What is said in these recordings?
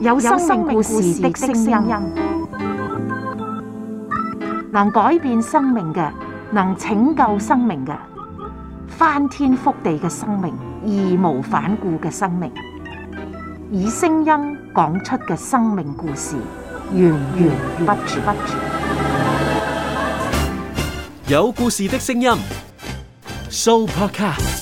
有生命故事的聲音，能改變生命嘅，能拯救生命嘅，翻天覆地嘅生命，義無反顧嘅生命，以聲音講出嘅生命故事，源源不絕。有故事的聲音，Soul Podcast。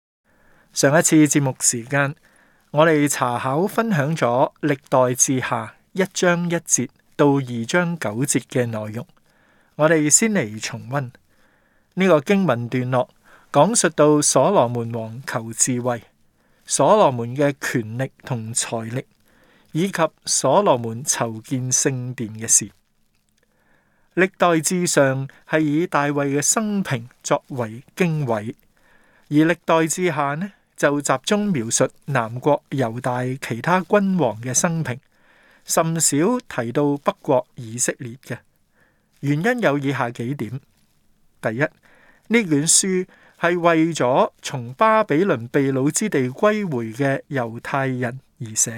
上一次節目時間，我哋查考分享咗歷代志下一章一節到二章九節嘅內容。我哋先嚟重溫呢個經文段落，講述到所羅門王求智慧、所羅門嘅權力同財力，以及所羅門籌建聖殿嘅事。歷代志上係以大衛嘅生平作為經緯，而歷代志下呢？就集中描述南國猶大其他君王嘅生平，甚少提到北國以色列嘅原因有以下幾點：第一，呢卷書係為咗從巴比倫被擄之地歸回嘅猶太人而寫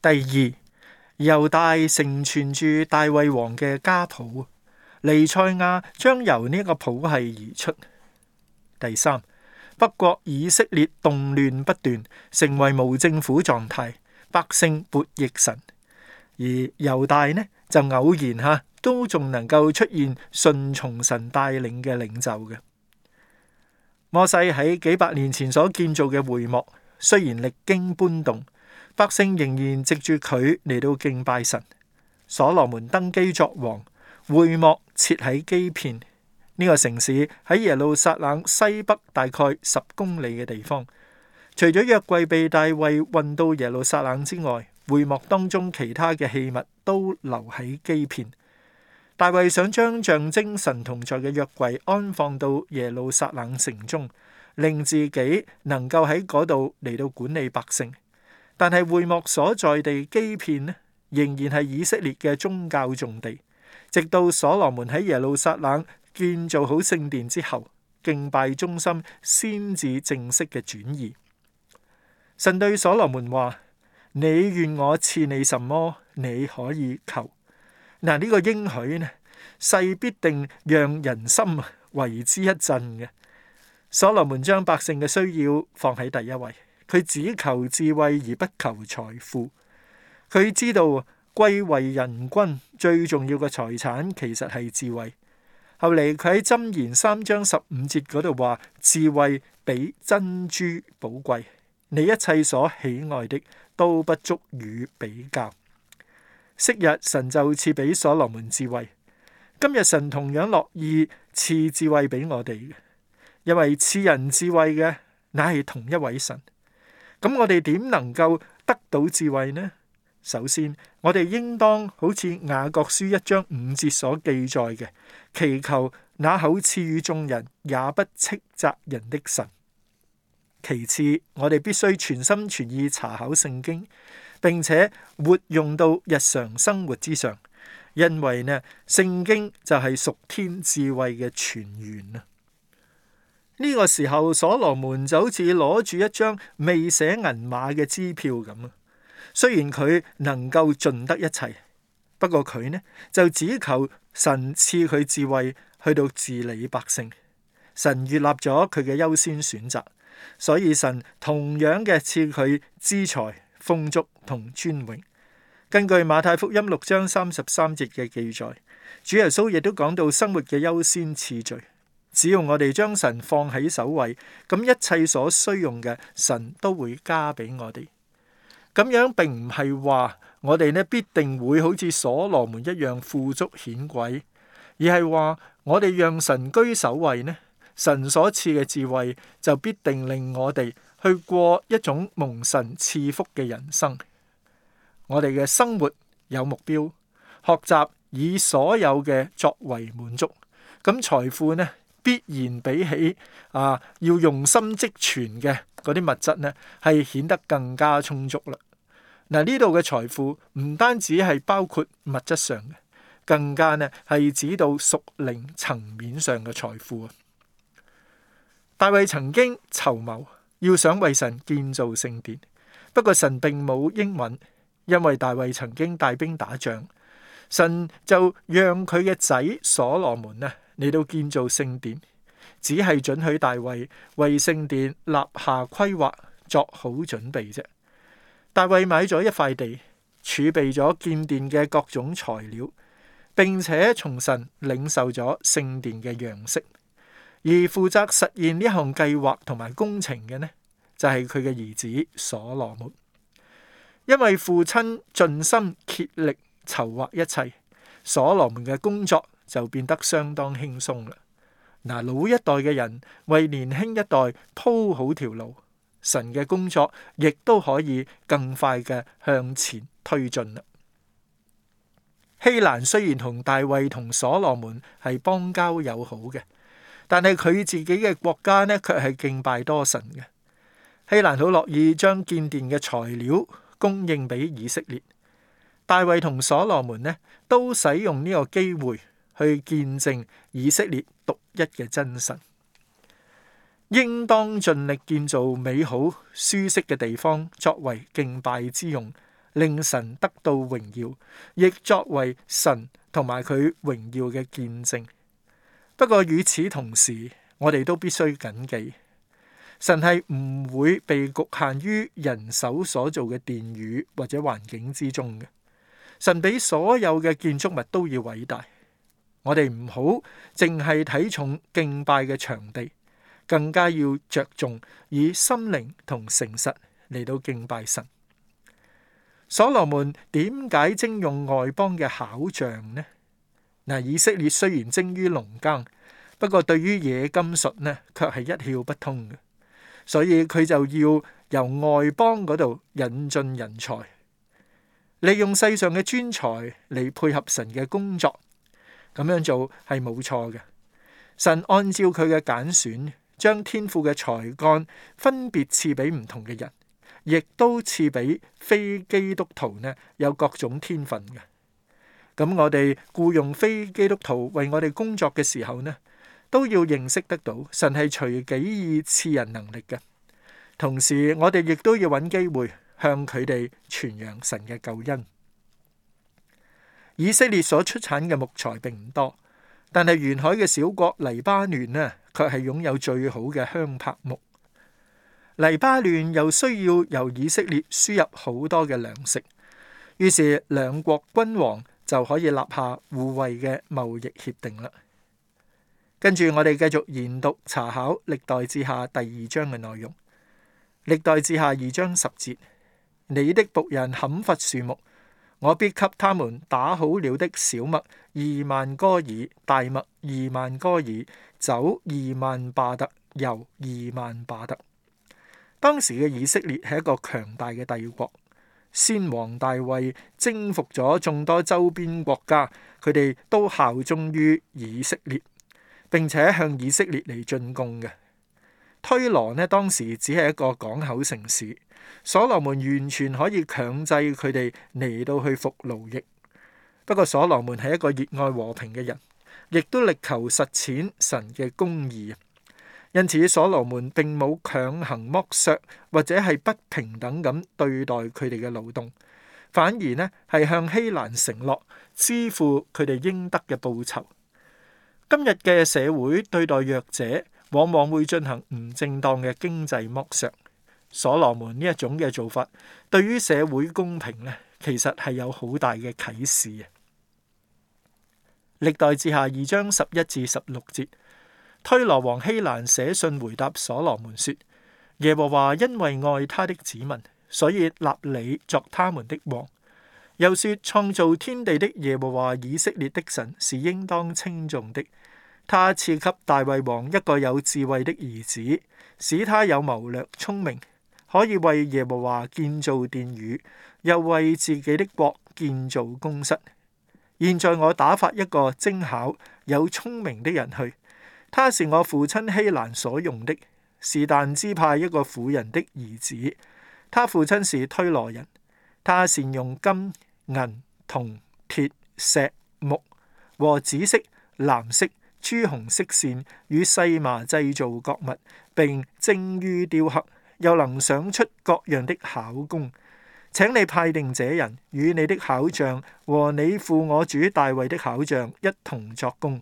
嘅；第二，猶大承傳住大衛王嘅家譜，彌賽亞將由呢個譜系而出；第三。不過以色列動亂不斷，成為無政府狀態，百姓悖逆神；而猶大呢就偶然吓，都仲能夠出現順從神帶領嘅領袖嘅。摩西喺幾百年前所建造嘅會幕，雖然歷經搬動，百姓仍然藉住佢嚟到敬拜神。所羅門登基作王，會幕設喺基遍。呢個城市喺耶路撒冷西北大概十公里嘅地方。除咗約櫃被大衛運到耶路撒冷之外，會幕當中其他嘅器物都留喺基遍。大衛想將象徵神同在嘅約櫃安放到耶路撒冷城中，令自己能夠喺嗰度嚟到管理百姓。但係會幕所在地基遍呢，仍然係以色列嘅宗教重地，直到所羅門喺耶路撒冷，建造好聖殿之後，敬拜中心先至正式嘅轉移。神對所羅門話：「你願我賜你什麼，你可以求。」嗱，呢個應許呢，勢必定讓人心為之一振嘅。所羅門將百姓嘅需要放喺第一位，佢只求智慧而不求財富。佢知道，貴為人君最重要嘅財產其實係智慧。後嚟佢喺箴言三章十五節嗰度話：智慧比珍珠寶貴，你一切所喜愛的都不足與比較。昔日神就賜俾所羅門智慧，今日神同樣樂意賜智慧俾我哋。因為賜人智慧嘅乃係同一位神。咁我哋點能夠得到智慧呢？首先，我哋應當好似雅各書一章五節所記載嘅，祈求那口賜予眾人也不斥責人的神。其次，我哋必須全心全意查考聖經，並且活用到日常生活之上，因為呢，聖經就係屬天智慧嘅泉源啊！呢個時候，所羅門就好似攞住一張未寫銀碼嘅支票咁啊！雖然佢能夠盡得一切，不過佢呢就只求神賜佢智慧去到治理百姓。神悅納咗佢嘅優先選擇，所以神同樣嘅賜佢資財、豐足同尊榮。根據馬太福音六章三十三節嘅記載，主耶穌亦都講到生活嘅優先次序。只要我哋將神放喺首位，咁一切所需用嘅神都會加俾我哋。咁樣並唔係話我哋咧必定會好似所羅門一樣富足顯貴，而係話我哋讓神居首位咧，神所賜嘅智慧就必定令我哋去過一種蒙神賜福嘅人生。我哋嘅生活有目標，學習以所有嘅作為滿足。咁財富呢？必然比起啊要用心積存嘅嗰啲物質呢，係顯得更加充足啦。嗱、啊，呢度嘅財富唔單止係包括物質上嘅，更加呢係指到屬靈層面上嘅財富啊。大衛曾經籌謀，要想為神建造聖殿，不過神並冇應允，因為大衛曾經帶兵打仗，神就讓佢嘅仔所羅門啊。嚟到建造聖殿，只係准許大衛為聖殿立下規劃作好準備啫。大衛買咗一塊地，儲備咗建殿嘅各種材料，並且從神領受咗聖殿嘅樣式。而負責實現呢項計劃同埋工程嘅呢，就係佢嘅兒子所羅門。因為父親盡心竭力籌劃一切，所羅門嘅工作，就變得相當輕鬆啦。嗱，老一代嘅人為年輕一代鋪好條路，神嘅工作亦都可以更快嘅向前推進啦。希蘭雖然同大衛同所羅門係邦交友好嘅，但係佢自己嘅國家呢，卻係敬拜多神嘅。希蘭好樂意將建殿嘅材料供應俾以色列，大衛同所羅門呢，都使用呢個機會，去見證以色列獨一嘅真神，應當盡力建造美好舒適嘅地方，作為敬拜之用，令神得到榮耀，亦作為神同埋佢榮耀嘅見證。不過，與此同時，我哋都必須謹記，神係唔會被局限於人手所做嘅殿宇或者環境之中嘅。神比所有嘅建築物都要偉大。我哋唔好淨係睇重敬拜嘅場地，更加要着重以心靈同誠實嚟到敬拜神。所羅門點解徵用外邦嘅巧匠呢？嗱，以色列雖然精於農耕，不過對於冶金術呢，卻係一竅不通嘅，所以佢就要由外邦嗰度引進人才，利用世上嘅專才嚟配合神嘅工作。咁樣做係冇錯嘅。神按照佢嘅揀選，將天賦嘅才幹分別賜俾唔同嘅人，亦都賜俾非基督徒呢有各種天分嘅。咁我哋雇用非基督徒為我哋工作嘅時候呢，都要認識得到神係隨己意賜人能力嘅。同時，我哋亦都要揾機會向佢哋傳揚神嘅救恩。以色列所出產嘅木材並唔多，但係沿海嘅小國黎巴嫩呢，卻係擁有最好嘅香柏木。黎巴嫩又需要由以色列輸入好多嘅糧食，於是兩國君王就可以立下互惠嘅貿易協定啦。跟住我哋繼續研讀查考歷代志下第二章嘅內容。歷代志下二章十節：「你的僕人砍伐樹木。我必給他們打好了的小麥二萬哥爾，大麥二萬哥爾，酒二萬巴特，油二萬巴特。當時嘅以色列係一個強大嘅帝國，先王大衛征服咗眾多周邊國家，佢哋都效忠於以色列，並且向以色列嚟進貢嘅。推羅咧當時只係一個港口城市，所羅門完全可以強制佢哋嚟到去服勞役。不過所羅門係一個熱愛和平嘅人，亦都力求實踐神嘅公義。因此所羅門並冇強行剝削或者係不平等咁對待佢哋嘅勞動，反而咧係向希蘭承諾支付佢哋應得嘅報酬。今日嘅社會對待弱者，往往會進行唔正當嘅經濟剝削。所羅門呢一種嘅做法，對於社會公平呢，其實係有好大嘅啟示嘅。歷代志下二章十一至十六節，推羅王希蘭寫信回答所羅門說：耶和華因為愛他的子民，所以立你作他們的王。又說：創造天地的耶和華以色列的神是應當稱頌的。他賜給大衛王一個有智慧的兒子，使他有謀略、聰明，可以為耶和華建造殿宇，又為自己的國建造宮室。現在我打發一個精巧、有聰明的人去，他是我父親希蘭所用的，是但支派一個婦人的兒子，他父親是推羅人。他善用金、銀、銅、鐵、石、木和紫色、藍色。朱紅色線與細麻製造各物，並精於雕刻，又能想出各樣的巧工。請你派定這人與你的巧匠和你父我主大衛的巧匠一同作工。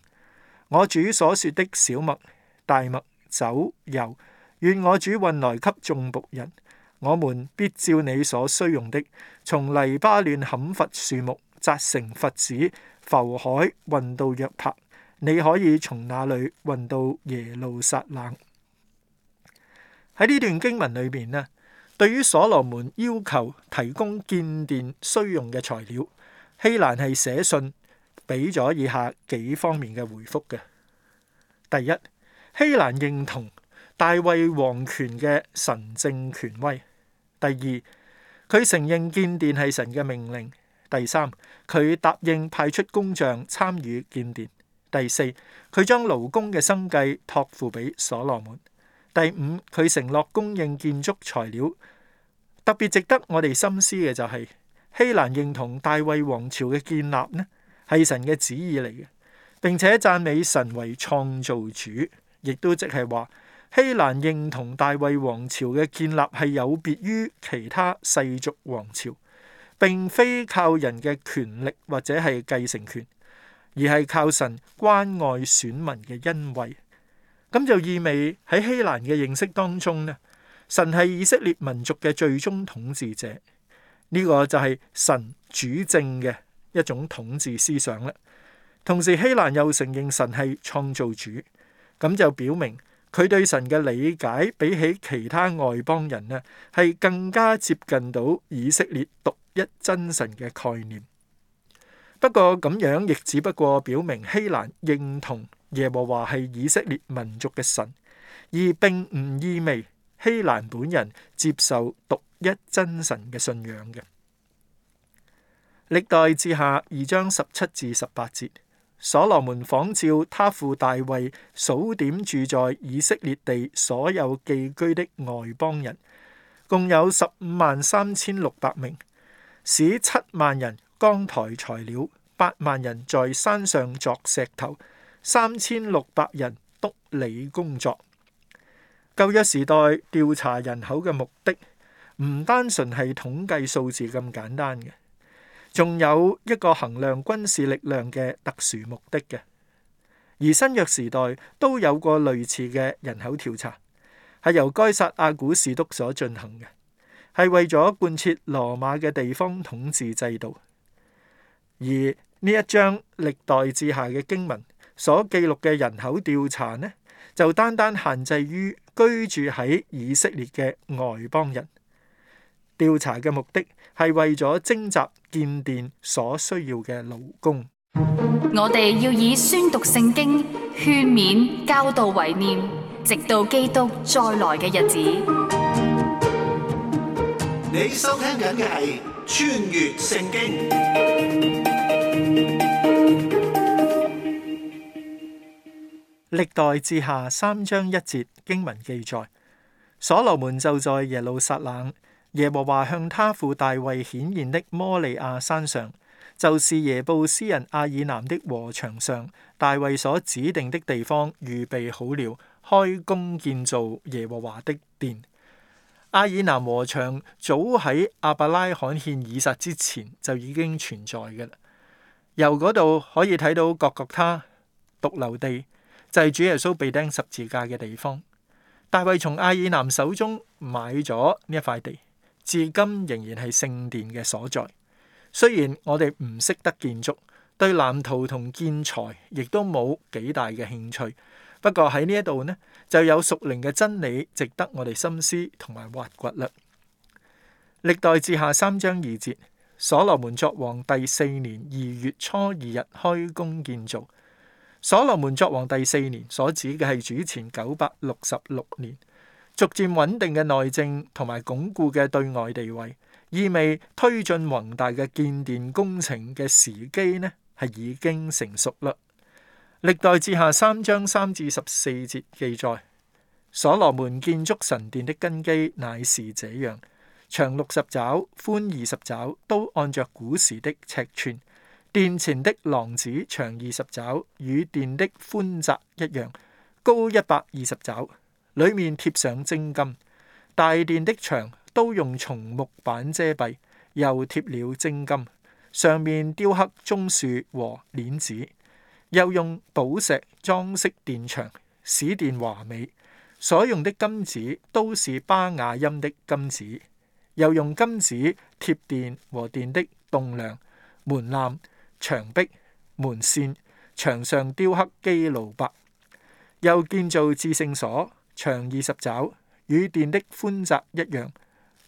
我主所說的小麥、大麥、酒、油，願我主運來給眾僕人。我們必照你所需用的，從黎巴嫩砍伐樹木，紮成佛子，浮海運到約帕。你可以從那裏運到耶路撒冷。喺呢段經文裏邊呢，對於所羅門要求提供建殿需用嘅材料，希蘭係寫信俾咗以下幾方面嘅回覆嘅。第一，希蘭認同大衛王權嘅神政權威；第二，佢承認建殿係神嘅命令；第三，佢答應派出工匠參與建殿。第四，佢將勞工嘅生計託付俾所羅門。第五，佢承諾供應建築材料。特別值得我哋深思嘅就係希蘭認同大衛王朝嘅建立呢係神嘅旨意嚟嘅，並且讚美神為創造主，亦都即係話希蘭認同大衛王朝嘅建立係有別於其他世俗王朝，並非靠人嘅權力或者係繼承權。而係靠神關愛選民嘅恩惠，咁就意味喺希蘭嘅認識當中呢，神係以色列民族嘅最終統治者，呢個就係神主政嘅一種統治思想啦。同時，希蘭又承認神係創造主，咁就表明佢對神嘅理解比起其他外邦人呢，係更加接近到以色列獨一真神嘅概念。不過咁樣亦只不過表明希蘭認同耶和華係以色列民族嘅神，而並唔意味希蘭本人接受獨一真神嘅信仰嘅。歷代志下二章十七至十八節，所羅門仿照他父大衛數點住在以色列地所有寄居的外邦人，共有十五萬三千六百名，使七萬人。江台材料八萬人在山上鑿石頭，三千六百人督理工作。舊約時代調查人口嘅目的唔單純係統計數字咁簡單嘅，仲有一個衡量軍事力量嘅特殊目的嘅。而新約時代都有個類似嘅人口調查，係由該撒阿古士督所進行嘅，係為咗貫徹羅馬嘅地方統治制度。而呢一章歷代志下嘅經文所記錄嘅人口調查呢，就單單限制於居住喺以色列嘅外邦人。調查嘅目的係為咗徵集建殿所需要嘅勞工。我哋要以宣讀聖經、勸勉、教導，為念，直到基督再來嘅日子。你收聽緊嘅係穿越聖經。歷代志下三章一節經文記載，所羅門就在耶路撒冷，耶和華向他父大衛顯現的摩利亞山上，就是耶布斯人阿爾南的禾場上，大衛所指定的地方預備好了，開工建造耶和華的殿。阿爾南禾場早喺亞伯拉罕獻以撒之前就已經存在嘅啦。由嗰度可以睇到，各各他髑髏地。就係主耶穌被釘十字架嘅地方。大衛從阿爾南手中買咗呢一塊地，至今仍然係聖殿嘅所在。雖然我哋唔識得建築，對藍圖同建材亦都冇幾大嘅興趣，不過喺呢一度呢，就有屬靈嘅真理值得我哋深思同埋挖掘啦。歷代志下三章二節，所羅門作王第四年二月初二日開工建造。所羅門作王第四年所指嘅係主前九百六十六年，逐漸穩定嘅內政同埋鞏固嘅對外地位，意味推進宏大嘅建殿工程嘅時機呢，係已經成熟嘞。歷代志下三章三至十四節記載，所羅門建築神殿的根基乃是這樣，長六十肘，寬二十肘，都按照古時的尺寸。殿前的廊子長二十肘，與殿的寬窄一樣，高一百二十肘。裏面貼上精金，大殿的牆都用松木板遮蔽，又貼了精金，上面雕刻棕樹和鏈子，又用寶石裝飾殿牆，使殿華美。所用的金子都是巴雅音的金子，又用金子貼殿和殿的棟梁、門檻。牆壁門扇、牆上雕刻基路伯，又建造至聖所，長二十肘，與殿的寬窄一樣，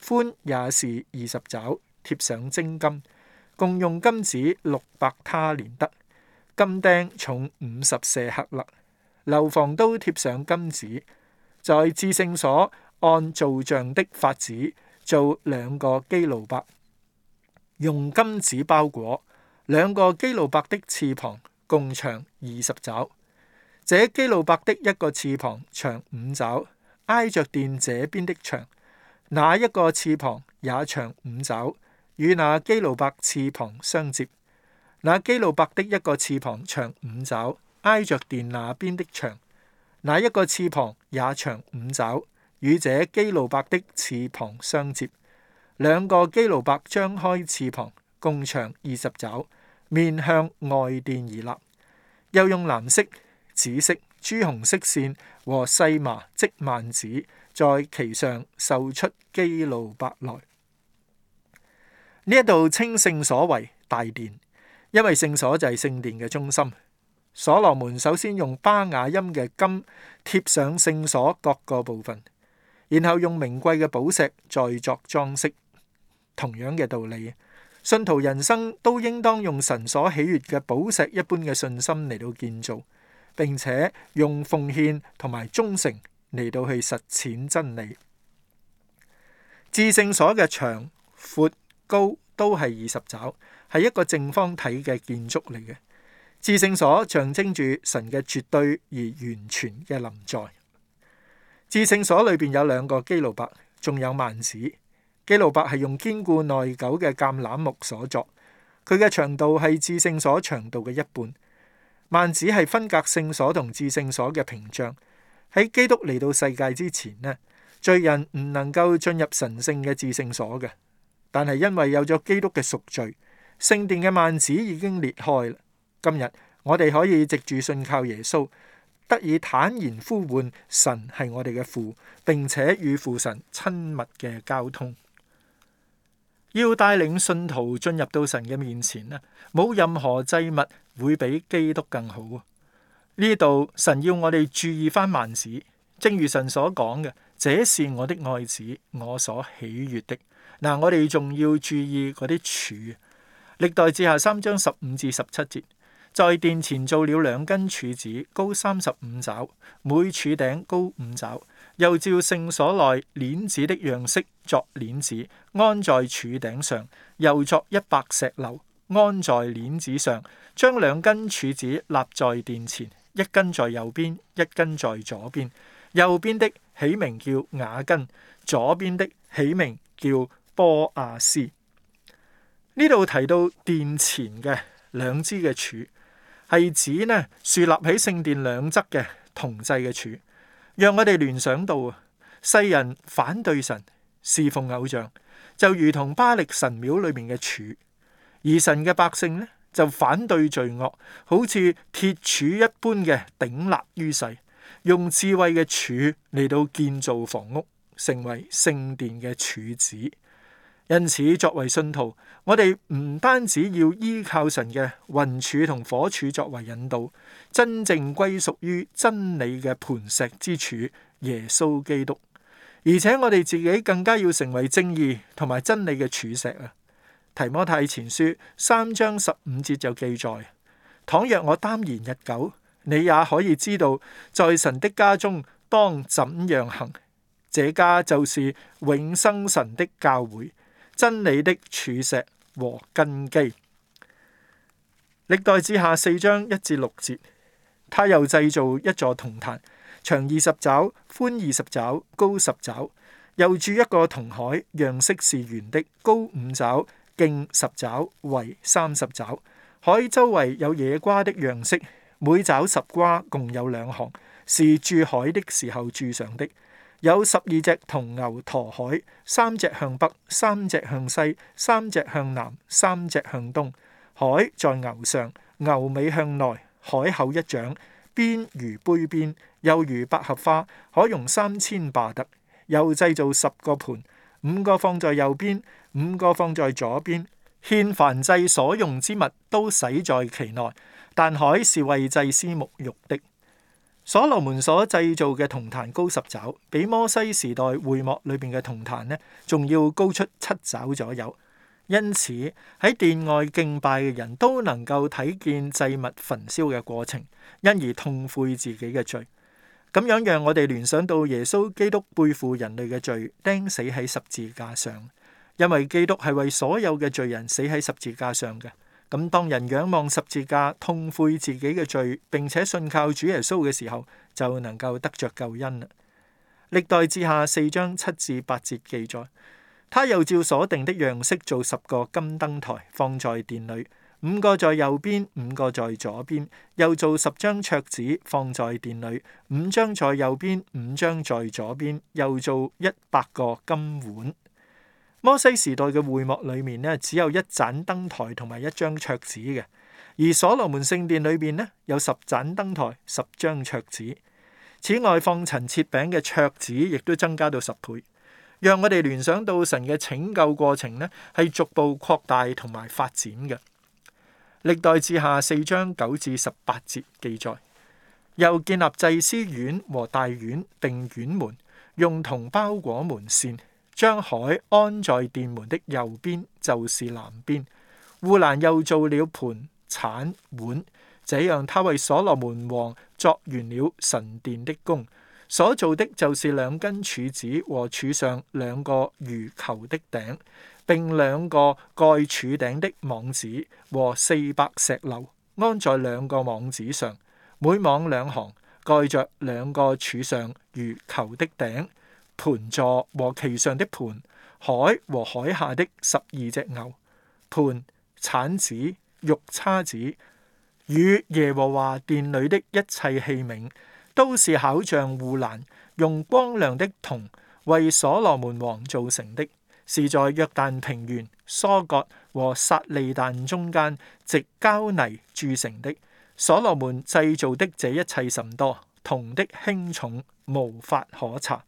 寬也是二十肘，貼上精金，共用金子六百他連得，金釘重五十舍客勒，樓房都貼上金子。在至聖所按造像的法子做兩個基路伯，用金子包裹。兩個基路伯的翅膀共長二十肘。這基路伯的一個翅膀長五肘，挨着殿這邊的牆；那一個翅膀也長五肘，與那基路伯翅膀相接。那基路伯的一個翅膀長五肘，挨着殿那邊的牆；那一個翅膀也長五肘，與這基路伯的翅膀相接。兩個基路伯張開翅膀。共長二十肘，面向外殿而立。又用藍色、紫色、朱紅色綫和細麻織幔子，在其上繡出基路伯來。呢一度稱聖所為大殿，因為聖所就係聖殿嘅中心。所羅門首先用巴雅音嘅金貼上聖所各個部分，然後用名貴嘅寶石再作裝飾。同樣嘅道理。信徒人生都應當用神所喜悅嘅寶石一般嘅信心嚟到建造，並且用奉獻同埋忠誠嚟到去實踐真理。至聖所嘅長、闊、高都係二十肘，係一個正方體嘅建築嚟嘅。至聖所象徵住神嘅絕對而完全嘅臨在。至聖所裏邊有兩個基路伯，仲有幔子。基路伯係用堅固耐久嘅橄欖木所作，佢嘅長度係至聖所長度嘅一半。幔子係分隔聖所同至聖所嘅屏障。喺基督嚟到世界之前呢，罪人唔能夠進入神聖嘅至聖所嘅。但係因為有咗基督嘅贖罪，聖殿嘅幔子已經裂開啦。今日我哋可以藉住信靠耶穌，得以坦然呼喚神係我哋嘅父，並且與父神親密嘅交通。要帶領信徒進入到神嘅面前咧，冇任何祭物會比基督更好啊！呢度神要我哋注意翻萬子，正如神所講嘅，這是我的愛子，我所喜悅的。嗱，我哋仲要注意嗰啲柱啊，歷代志下三章十五至十七節，在殿前做了兩根柱子，高三十五肘；每柱頂高五肘。」又照聖所內鏈子的樣式作鏈子，安在柱頂上；又作一百石樓，安在鏈子上，將兩根柱子立在殿前，一根在右邊，一根在左邊。右邊的起名叫雅根，左邊的起名叫波亞斯。呢度提到殿前嘅兩支嘅柱，係指呢豎立喺聖殿兩側嘅銅製嘅柱。讓我哋聯想到啊，世人反對神侍奉偶像，就如同巴力神廟裏面嘅柱；而神嘅百姓呢，就反對罪惡，好似鐵柱一般嘅鼎立於世，用智慧嘅柱嚟到建造房屋，成為聖殿嘅柱子。因此，作為信徒，我哋唔單止要依靠神嘅雲柱同火柱作為引導，真正歸屬於真理嘅磐石之柱耶穌基督，而且我哋自己更加要成為正義同埋真理嘅柱石啊。提摩太前書三章十五節就記載：倘若我耽延日久，你也可以知道，在神的家中當怎樣行。這家就是永生神的教會。真理的柱石和根基。歷代之下四章一至六節，他又製造一座銅壇，長二十肘，寬二十肘，高十肘。又鑄一個銅海，樣式是圓的，高五肘，徑十肘，圍三十肘。海周圍有野瓜的樣式，每肘十瓜，共有兩行，是鑄海的時候鑄上的。有十二隻銅牛駝海，三隻向北，三隻向西，三隻向南，三隻向東。海在牛上，牛尾向內，海口一掌，邊如杯邊，又如百合花，可用三千巴特。又製造十個盤，五個放在右邊，五個放在左邊，獻凡祭所用之物都洗在其內，但海是為祭司沐浴的。所羅門所製造嘅銅壇高十肘，比摩西時代會幕裏邊嘅銅壇呢，仲要高出七肘左右。因此喺殿外敬拜嘅人都能夠睇見祭物焚燒嘅過程，因而痛悔自己嘅罪。咁樣讓我哋聯想到耶穌基督背負人類嘅罪，釘死喺十字架上。因為基督係為所有嘅罪人死喺十字架上嘅。咁當人仰望十字架，痛悔自己嘅罪，並且信靠主耶穌嘅時候，就能夠得着救恩啦。歷代志下四章七至八節記載，他又照所定的樣式做十個金燈台，放在殿裏，五個在右邊，五個在左邊；又做十張桌子，放在殿裏，五張在右邊，五張在左邊；又做一百個金碗。摩西時代嘅會幕裏面咧，只有一盞燈台同埋一張桌子嘅；而所羅門聖殿裏面咧，有十盞燈台、十張桌子。此外，放陳設餅嘅桌子亦都增加到十倍，讓我哋聯想到神嘅拯救過程呢係逐步擴大同埋發展嘅。歷代志下四章九至十八節記載，又建立祭司院和大院、並院門，用銅包裹門扇。將海安在殿門的右邊，就是南邊。戶蘭又做了盆、鏟、碗，這樣他為所羅門王作完了神殿的工。所做的就是兩根柱子和柱上兩個如球的頂，並兩個蓋柱頂的網子和四百石榴，安在兩個網子上，每網兩行，蓋着兩個柱上如球的頂。盆座和其上的盆，海和海下的十二隻牛，盆、鏟子、肉叉子與耶和華殿裏的一切器皿，都是巧匠戶蘭用光亮的銅為所羅門王造成的，是在約旦平原、疏割和撒利但中間，藉膠泥鑄成的。所羅門製造的這一切甚多，銅的輕重無法可查。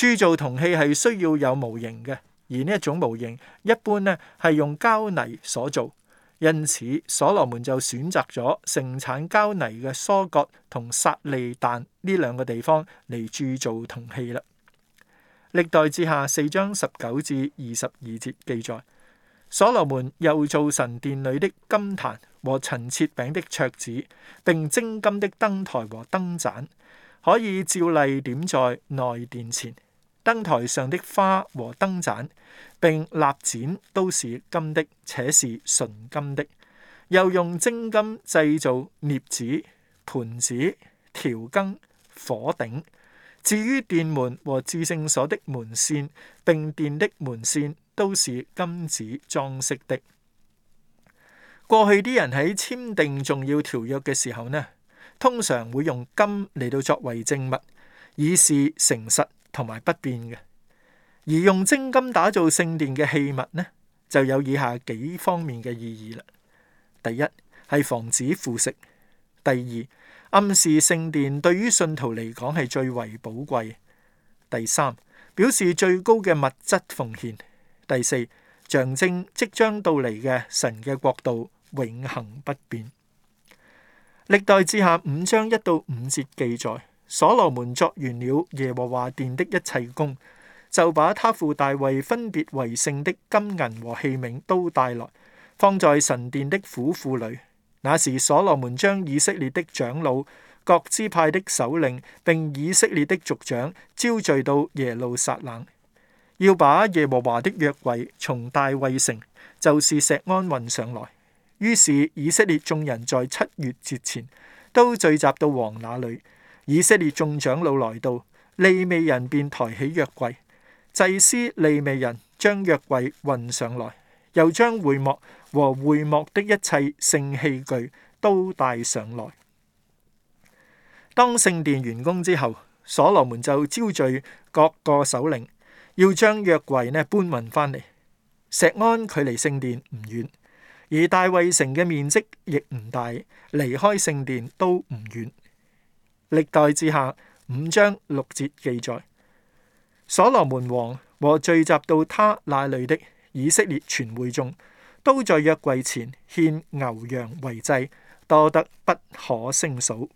鑄造銅器係需要有模型嘅，而呢一種模型一般咧係用膠泥所做，因此所羅門就選擇咗盛產膠泥嘅疏割同撒利但呢兩個地方嚟鑄造銅器啦。歷代志下四章十九至二十二節記載，所羅門又造神殿裏的金壇和陳設餅的桌子，並精金的燈台和燈盞，可以照例點在內殿前。燈台上的花和燈盞，並蠟剪都是金的，且是純金的。又用精金製造鑷子、盤子、調羹、火頂。至於殿門和至聖所的門扇，並殿的門扇，都是金子裝飾的。過去啲人喺簽訂重要條約嘅時候呢，通常會用金嚟到作為證物，以示誠實。同埋不變嘅，而用精金打造聖殿嘅器物呢，就有以下幾方面嘅意義啦。第一係防止腐蝕；第二暗示聖殿對於信徒嚟講係最為寶貴；第三表示最高嘅物質奉獻；第四象徵即將到嚟嘅神嘅國度永恆不變。歷代志下五章一到五節記載。所羅門作完了耶和華殿的一切工，就把他父大衛分別為聖的金銀和器皿都帶來，放在神殿的府庫裏。那時，所羅門將以色列的長老、各支派的首領並以色列的族長招聚到耶路撒冷，要把耶和華的約櫃從大衛城，就是石安運上來。於是以色列眾人在七月節前都聚集到王那裏。以色列眾長老來到，利未人便抬起約櫃。祭司利未人將約櫃運上來，又將會幕和會幕的一切聖器具都帶上來。當聖殿完工之後，所羅門就招聚各個首領，要將約櫃呢搬運翻嚟。石安距離聖殿唔遠，而大衛城嘅面積亦唔大，離開聖殿都唔遠。歷代之下五章六節記載，所羅門王和聚集到他那裏的以色列全會眾，都在約櫃前獻牛羊為祭，多得不可勝數。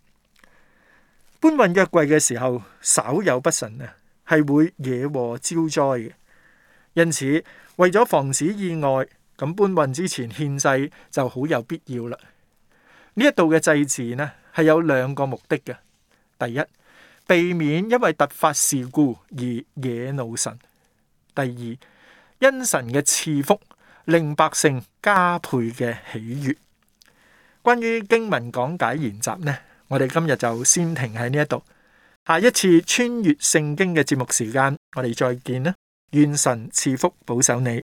搬運約櫃嘅時候，稍有不慎啊，係會惹禍招災嘅。因此，為咗防止意外，咁搬運之前獻祭就好有必要啦。呢一度嘅祭祀呢，係有兩個目的嘅。第一，避免因為突發事故而惹怒神；第二，因神嘅賜福令百姓加倍嘅喜悅。關於經文講解研習呢，我哋今日就先停喺呢一度。下一次穿越聖經嘅節目時間，我哋再見啦！願神賜福保守你。